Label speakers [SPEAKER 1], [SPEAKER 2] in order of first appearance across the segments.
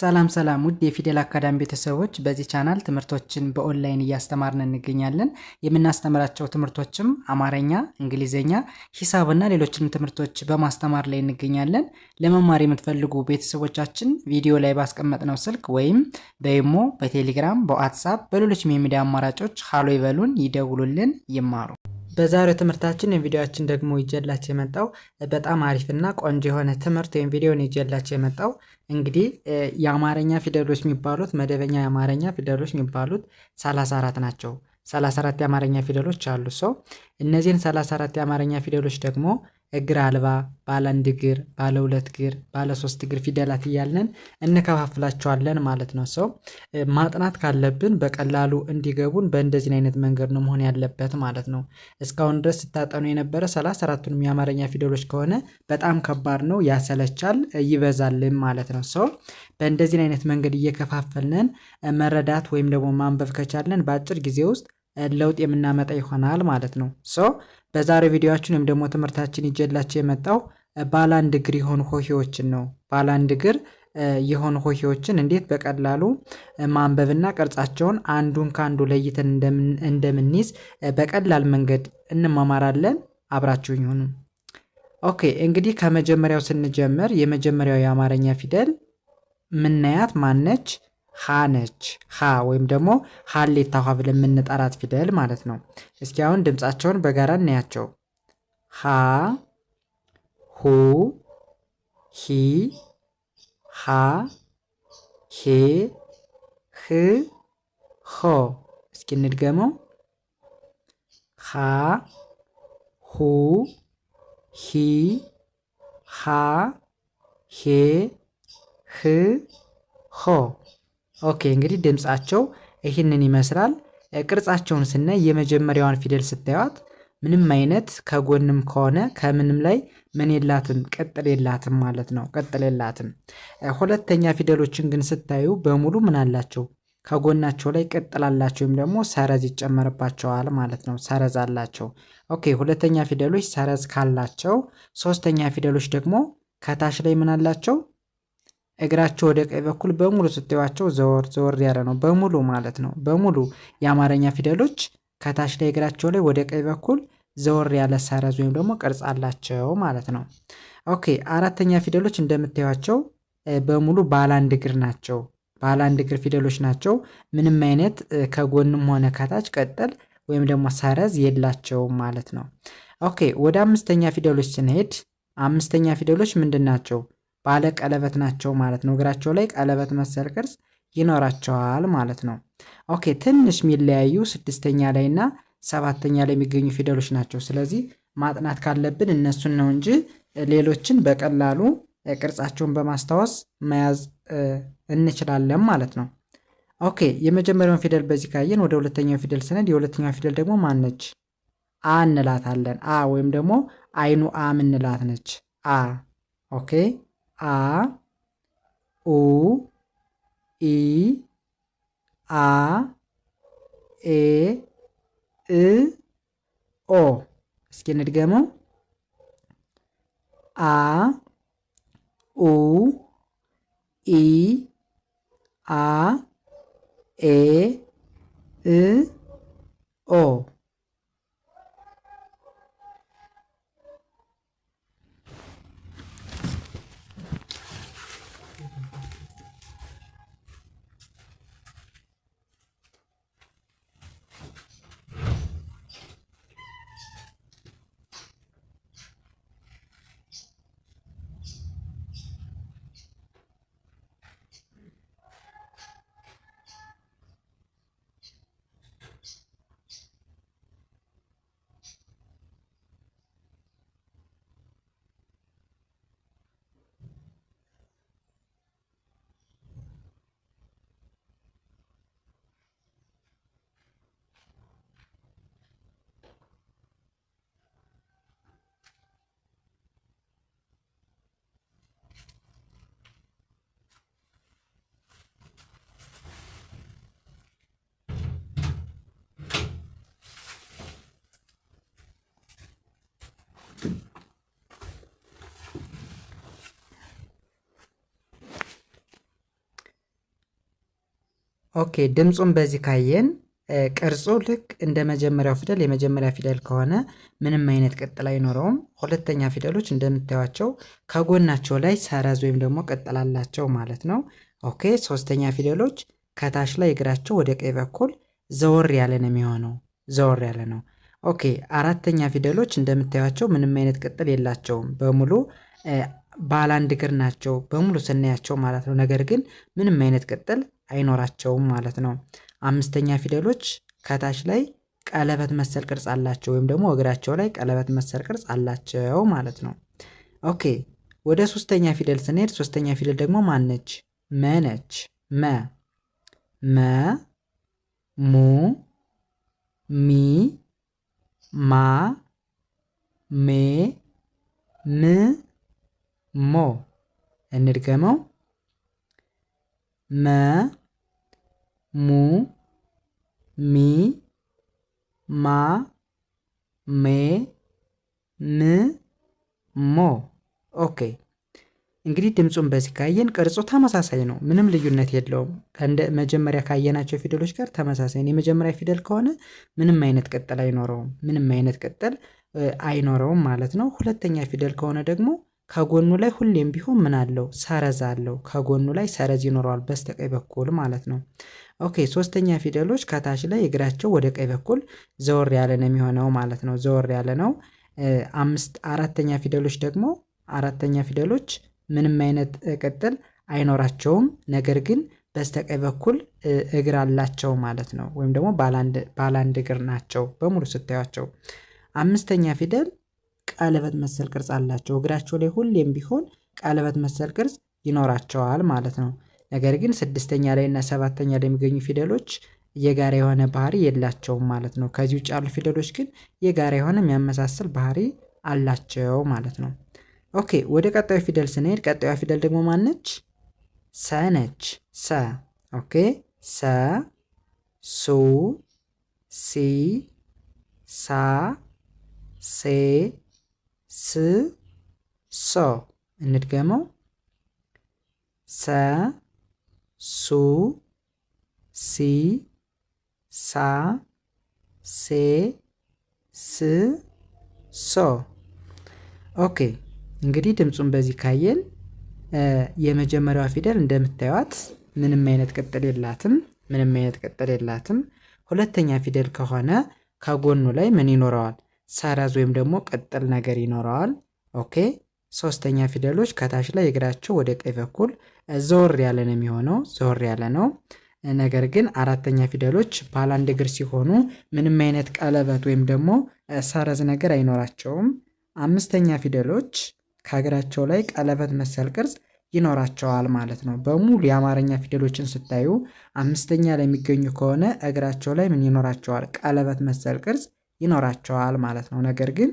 [SPEAKER 1] ሰላም ሰላም ውድ የፊደል አካዳሚ ቤተሰቦች፣ በዚህ ቻናል ትምህርቶችን በኦንላይን እያስተማርን እንገኛለን። የምናስተምራቸው ትምህርቶችም አማርኛ፣ እንግሊዝኛ፣ ሂሳብና ሌሎችንም ትምህርቶች በማስተማር ላይ እንገኛለን። ለመማር የምትፈልጉ ቤተሰቦቻችን ቪዲዮ ላይ ባስቀመጥነው ስልክ ወይም በይሞ፣ በቴሌግራም፣ በዋትሳፕ፣ በሌሎች የሚዲያ አማራጮች ሀሎ ይበሉን፣ ይደውሉልን፣ ይማሩ። በዛሬው ትምህርታችን የቪዲዮችን ደግሞ ይዤላችሁ የመጣው በጣም አሪፍና ቆንጆ የሆነ ትምህርት ወይም ቪዲዮን ይዤላችሁ የመጣው እንግዲህ የአማርኛ ፊደሎች የሚባሉት መደበኛ የአማርኛ ፊደሎች የሚባሉት 34 ናቸው። 34 የአማርኛ ፊደሎች አሉ። ሰው እነዚህን 34 የአማርኛ ፊደሎች ደግሞ እግር አልባ ባለ አንድ እግር ባለ ሁለት እግር ባለ ሶስት እግር ፊደላት እያልን እንከፋፍላቸዋለን ማለት ነው። ሰው ማጥናት ካለብን በቀላሉ እንዲገቡን በእንደዚህ አይነት መንገድ ነው መሆን ያለበት ማለት ነው። እስካሁን ድረስ ስታጠኑ የነበረ ሰላሳ አራቱንም የአማርኛ ፊደሎች ከሆነ በጣም ከባድ ነው፣ ያሰለቻል፣ ይበዛልም ማለት ነው። ሰው በእንደዚህ አይነት መንገድ እየከፋፈልነን መረዳት ወይም ደግሞ ማንበብ ከቻለን በአጭር ጊዜ ውስጥ ለውጥ የምናመጣ ይሆናል ማለት ነው። ሶ በዛሬው ቪዲዮችን ወይም ደግሞ ትምህርታችን ይጀላቸው የመጣው ባለ እግር የሆኑ ሆሄዎችን ነው። ባለ እግር የሆኑ ሆሄዎችን እንዴት በቀላሉ ማንበብና ቅርጻቸውን አንዱን ከአንዱ ለይተን እንደምንይዝ በቀላል መንገድ እንማማራለን። አብራችሁኝ ሁኑ። ኦኬ እንግዲህ ከመጀመሪያው ስንጀምር የመጀመሪያው የአማርኛ ፊደል ምናያት ማነች? ሃ ነች። ሀ ወይም ደግሞ ሀሌታ ውሃ ብለን የምንጠራት ፊደል ማለት ነው። እስኪ አሁን ድምፃቸውን በጋራ እናያቸው። ሀ ሁ ሂ ሃ ሄ ህ ሆ። እስኪ እንድገመው። ሃ ሁ ሂ ሃ ሄ ህ ሆ ኦኬ እንግዲህ ድምፃቸው ይህንን ይመስላል። ቅርጻቸውን ስናይ የመጀመሪያዋን ፊደል ስታዩት ምንም አይነት ከጎንም ከሆነ ከምንም ላይ ምን የላትም ቅጥል የላትም ማለት ነው። ቅጥል የላትም። ሁለተኛ ፊደሎችን ግን ስታዩ በሙሉ ምን አላቸው? ከጎናቸው ላይ ቅጥል አላቸው ወይም ደግሞ ሰረዝ ይጨመርባቸዋል ማለት ነው። ሰረዝ አላቸው። ኦኬ ሁለተኛ ፊደሎች ሰረዝ ካላቸው፣ ሶስተኛ ፊደሎች ደግሞ ከታች ላይ ምን አላቸው እግራቸው ወደ ቀኝ በኩል በሙሉ ስትዋቸው ዘወር ዘወር ያለ ነው። በሙሉ ማለት ነው። በሙሉ የአማርኛ ፊደሎች ከታች ላይ እግራቸው ላይ ወደ ቀኝ በኩል ዘወር ያለ ሰረዝ ወይም ደግሞ ቅርጽ አላቸው ማለት ነው። ኦኬ አራተኛ ፊደሎች እንደምታዩቸው በሙሉ ባለ አንድ እግር ናቸው። ባለ አንድ እግር ፊደሎች ናቸው። ምንም አይነት ከጎንም ሆነ ከታች ቀጠል ወይም ደግሞ ሰረዝ የላቸውም ማለት ነው። ኦኬ ወደ አምስተኛ ፊደሎች ስንሄድ አምስተኛ ፊደሎች ምንድን ናቸው? ባለ ቀለበት ናቸው ማለት ነው። እግራቸው ላይ ቀለበት መሰል ቅርጽ ይኖራቸዋል ማለት ነው። ኦኬ ትንሽ የሚለያዩ ስድስተኛ ላይ እና ሰባተኛ ላይ የሚገኙ ፊደሎች ናቸው። ስለዚህ ማጥናት ካለብን እነሱን ነው እንጂ ሌሎችን በቀላሉ ቅርጻቸውን በማስታወስ መያዝ እንችላለን ማለት ነው። ኦኬ የመጀመሪያውን ፊደል በዚህ ካየን ወደ ሁለተኛው ፊደል ስነድ የሁለተኛው ፊደል ደግሞ ማን ነች? አ እንላታለን። አ ወይም ደግሞ አይኑ አ ምንላት ነች። አ ኦኬ አ ኡ ኢ አ ኤ እ ኦ። እስኪ እንድገመው። አ ኡ ኢ አ ኤ እ ኦ ኦኬ ድምፁን በዚህ ካየን ቅርጹ ልክ እንደ መጀመሪያው ፊደል የመጀመሪያ ፊደል ከሆነ ምንም አይነት ቅጥል አይኖረውም። ሁለተኛ ፊደሎች እንደምታዩቸው ከጎናቸው ላይ ሰረዝ ወይም ደግሞ ቅጥል አላቸው ማለት ነው። ኦኬ ሶስተኛ ፊደሎች ከታች ላይ እግራቸው ወደ ቀኝ በኩል ዘወር ያለ ነው የሚሆነው፣ ዘወር ያለ ነው። ኦኬ አራተኛ ፊደሎች እንደምታዩቸው ምንም አይነት ቅጥል የላቸውም። በሙሉ ባለ አንድ እግር ናቸው በሙሉ ስናያቸው ማለት ነው። ነገር ግን ምንም አይነት ቅጥል አይኖራቸውም ማለት ነው። አምስተኛ ፊደሎች ከታች ላይ ቀለበት መሰል ቅርጽ አላቸው ወይም ደግሞ እግራቸው ላይ ቀለበት መሰል ቅርጽ አላቸው ማለት ነው። ኦኬ ወደ ሶስተኛ ፊደል ስንሄድ ሶስተኛ ፊደል ደግሞ ማነች? መነች። መ መ ሙ ሚ ማ ሜ ም ሞ። እንድገመው መ ሙ ሚ ማ ሜ ም ሞ ኦኬ። እንግዲህ ድምፁን በዚህ ካየን ቅርጹ ተመሳሳይ ነው። ምንም ልዩነት የለውም። ከእንደ መጀመሪያ ካየናቸው ፊደሎች ጋር ተመሳሳይ ነው። የመጀመሪያ ፊደል ከሆነ ምንም አይነት ቅጠል አይኖረውም። ምንም አይነት ቅጠል አይኖረውም ማለት ነው። ሁለተኛ ፊደል ከሆነ ደግሞ ከጎኑ ላይ ሁሌም ቢሆን ምን አለው? ሰረዝ አለው። ከጎኑ ላይ ሰረዝ ይኖረዋል በስተቀኝ በኩል ማለት ነው። ኦኬ ሶስተኛ ፊደሎች ከታች ላይ እግራቸው ወደ ቀኝ በኩል ዘወር ያለ ነው የሚሆነው ማለት ነው። ዘወር ያለ ነው። አምስት አራተኛ ፊደሎች ደግሞ አራተኛ ፊደሎች ምንም አይነት ቅጥል አይኖራቸውም። ነገር ግን በስተቀኝ በኩል እግር አላቸው ማለት ነው። ወይም ደግሞ ባለአንድ እግር ናቸው በሙሉ ስታያቸው። አምስተኛ ፊደል ቀለበት መሰል ቅርጽ አላቸው። እግራቸው ላይ ሁሌም ቢሆን ቀለበት መሰል ቅርጽ ይኖራቸዋል ማለት ነው። ነገር ግን ስድስተኛ ላይ እና ሰባተኛ ላይ የሚገኙ ፊደሎች የጋራ የሆነ ባህሪ የላቸውም ማለት ነው። ከዚህ ውጭ ያሉ ፊደሎች ግን የጋራ የሆነ የሚያመሳስል ባህሪ አላቸው ማለት ነው። ኦኬ ወደ ቀጣዩ ፊደል ስንሄድ ቀጣዩ ፊደል ደግሞ ማነች? ሰ ነች። ሰ ኦኬ ሰ ሱ ሲ ሳ ሴ ስ ሶ እንድገመው ሰ ሱ ሲ ሳ ሴ ስ ሶ። ኦኬ እንግዲህ ድምፁን በዚህ ካየን የመጀመሪያዋ ፊደል እንደምታዩት ምንም አይነት ቅጥል የላትም። ምንም አይነት ቅጥል የላትም። ሁለተኛ ፊደል ከሆነ ከጎኑ ላይ ምን ይኖረዋል? ሰረዝ ወይም ደግሞ ቅጥል ነገር ይኖረዋል። ኦኬ ሶስተኛ ፊደሎች ከታች ላይ እግራቸው ወደ ቀኝ በኩል ዞር ያለ ነው የሚሆነው ዞር ያለ ነው። ነገር ግን አራተኛ ፊደሎች ባለ አንድ እግር ሲሆኑ ምንም አይነት ቀለበት ወይም ደግሞ ሰረዝ ነገር አይኖራቸውም። አምስተኛ ፊደሎች ከእግራቸው ላይ ቀለበት መሰል ቅርጽ ይኖራቸዋል ማለት ነው። በሙሉ የአማርኛ ፊደሎችን ስታዩ አምስተኛ ላይ የሚገኙ ከሆነ እግራቸው ላይ ምን ይኖራቸዋል? ቀለበት መሰል ቅርጽ ይኖራቸዋል ማለት ነው። ነገር ግን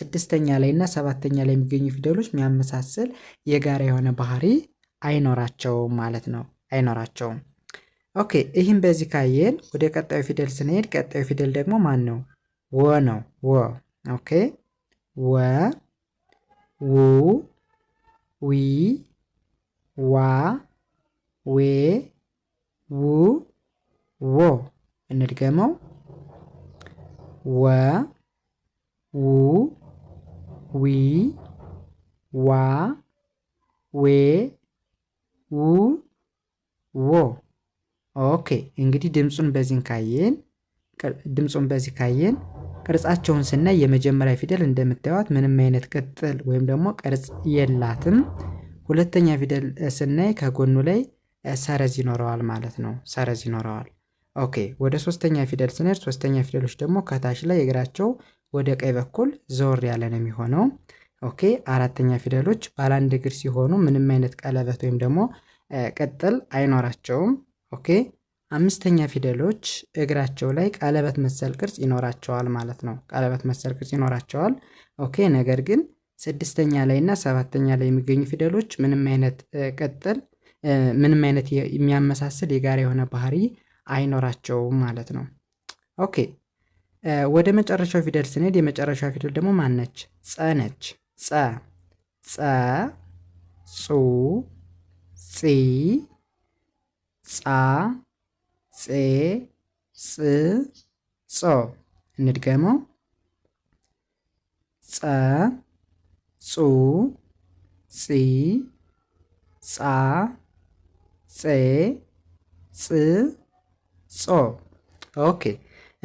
[SPEAKER 1] ስድስተኛ ላይ እና ሰባተኛ ላይ የሚገኙ ፊደሎች የሚያመሳስል የጋራ የሆነ ባህሪ አይኖራቸውም ማለት ነው። አይኖራቸውም። ኦኬ ይህም በዚህ ካየን ወደ ቀጣዩ ፊደል ስንሄድ ቀጣዩ ፊደል ደግሞ ማን ነው? ወ ነው። ወ ኦኬ ወ ው ዊ ዋ ዌ ው ዎ እንድገመው ወ ው ዊ ዋ ዌ ው ዎ ኦኬ እንግዲህ ድምፁን በዚህ ካየን ድምፁን በዚህ ካየን ቅርጻቸውን ስናይ የመጀመሪያ ፊደል እንደምታዩት ምንም አይነት ቅጥል ወይም ደግሞ ቅርጽ የላትም። ሁለተኛ ፊደል ስናይ ከጎኑ ላይ ሰረዝ ይኖረዋል ማለት ነው። ሰረዝ ይኖረዋል። ኦኬ ወደ ሶስተኛ ፊደል ስንሄድ ሶስተኛ ፊደሎች ደግሞ ከታች ላይ እግራቸው ወደ ቀኝ በኩል ዘወር ያለ ነው የሚሆነው። ኦኬ አራተኛ ፊደሎች ባለ አንድ እግር ሲሆኑ ምንም አይነት ቀለበት ወይም ደግሞ ቅጥል አይኖራቸውም። ኦኬ አምስተኛ ፊደሎች እግራቸው ላይ ቀለበት መሰል ቅርጽ ይኖራቸዋል ማለት ነው። ቀለበት መሰል ቅርጽ ይኖራቸዋል። ኦኬ ነገር ግን ስድስተኛ ላይ እና ሰባተኛ ላይ የሚገኙ ፊደሎች ምንም አይነት ቅጥል ምንም አይነት የሚያመሳስል የጋራ የሆነ ባህሪ አይኖራቸውም ማለት ነው። ኦኬ ወደ መጨረሻው ፊደል ስንሄድ የመጨረሻው ፊደል ደግሞ ማን ነች? ጸ ነች። ጸ ጸ ጹ ጺ ጻ ጼ ጽ ጾ እንድገመው ጸ ጹ ጺ ጻ ጼ ጽ ጾ ኦኬ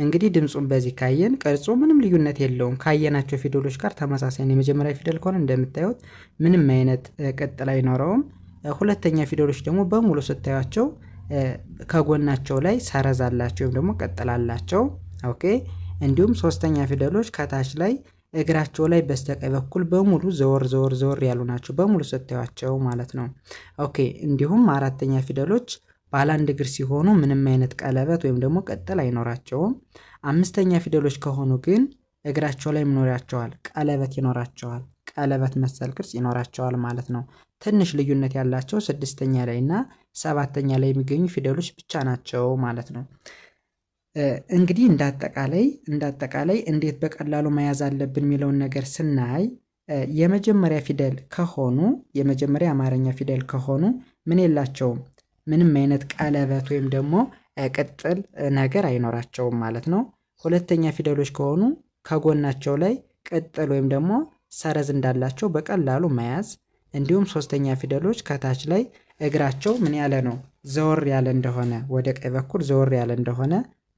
[SPEAKER 1] እንግዲህ ድምፁን በዚህ ካየን ቅርጹ ምንም ልዩነት የለውም። ካየናቸው ፊደሎች ጋር ተመሳሳይ ነው። የመጀመሪያ ፊደል ከሆነ እንደምታዩት ምንም አይነት ቀጥል አይኖረውም። ሁለተኛ ፊደሎች ደግሞ በሙሉ ስታያቸው ከጎናቸው ላይ ሰረዝ አላቸው ወይም ደግሞ ቀጥላላቸው። ኦኬ እንዲሁም ሶስተኛ ፊደሎች ከታች ላይ እግራቸው ላይ በስተቀኝ በኩል በሙሉ ዘወር ዘወር ዘወር ያሉ ናቸው፣ በሙሉ ስታያቸው ማለት ነው። ኦኬ እንዲሁም አራተኛ ፊደሎች ባለ አንድ እግር ሲሆኑ ምንም አይነት ቀለበት ወይም ደግሞ ቀጥል አይኖራቸውም። አምስተኛ ፊደሎች ከሆኑ ግን እግራቸው ላይ ምኖሪያቸዋል ቀለበት ይኖራቸዋል። ቀለበት መሰል ቅርጽ ይኖራቸዋል ማለት ነው። ትንሽ ልዩነት ያላቸው ስድስተኛ ላይ እና ሰባተኛ ላይ የሚገኙ ፊደሎች ብቻ ናቸው ማለት ነው። እንግዲህ እንዳጠቃላይ እንዳጠቃላይ እንዴት በቀላሉ መያዝ አለብን የሚለውን ነገር ስናይ የመጀመሪያ ፊደል ከሆኑ የመጀመሪያ አማርኛ ፊደል ከሆኑ ምን የላቸውም ምንም አይነት ቀለበት ወይም ደግሞ ቅጥል ነገር አይኖራቸውም ማለት ነው። ሁለተኛ ፊደሎች ከሆኑ ከጎናቸው ላይ ቅጥል ወይም ደግሞ ሰረዝ እንዳላቸው በቀላሉ መያዝ እንዲሁም ሶስተኛ ፊደሎች ከታች ላይ እግራቸው ምን ያለ ነው ዘወር ያለ እንደሆነ ወደ ቀኝ በኩል ዘወር ያለ እንደሆነ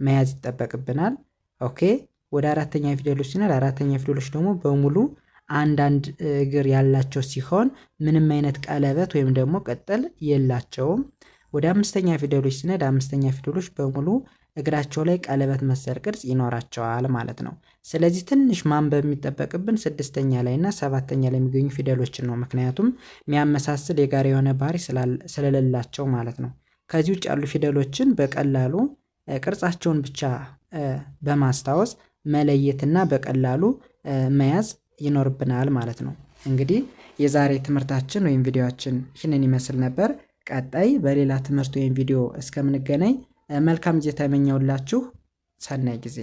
[SPEAKER 1] መያዝ ይጠበቅብናል። ኦኬ ወደ አራተኛ ፊደሎች ሲናል አራተኛ ፊደሎች ደግሞ በሙሉ አንዳንድ እግር ያላቸው ሲሆን ምንም አይነት ቀለበት ወይም ደግሞ ቅጥል የላቸውም። ወደ አምስተኛ ፊደሎች ሲነድ አምስተኛ ፊደሎች በሙሉ እግራቸው ላይ ቀለበት መሰል ቅርጽ ይኖራቸዋል ማለት ነው። ስለዚህ ትንሽ ማንበብ የሚጠበቅብን ስድስተኛ ላይ እና ሰባተኛ ላይ የሚገኙ ፊደሎችን ነው። ምክንያቱም የሚያመሳስል የጋራ የሆነ ባህሪ ስለሌላቸው ማለት ነው። ከዚህ ውጭ ያሉ ፊደሎችን በቀላሉ ቅርጻቸውን ብቻ በማስታወስ መለየትና በቀላሉ መያዝ ይኖርብናል ማለት ነው። እንግዲህ የዛሬ ትምህርታችን ወይም ቪዲዮችን ይህንን ይመስል ነበር። ቀጣይ በሌላ ትምህርት ወይም ቪዲዮ እስከምንገናኝ መልካም ጊዜ ተመኘውላችሁ። ሰናይ ጊዜ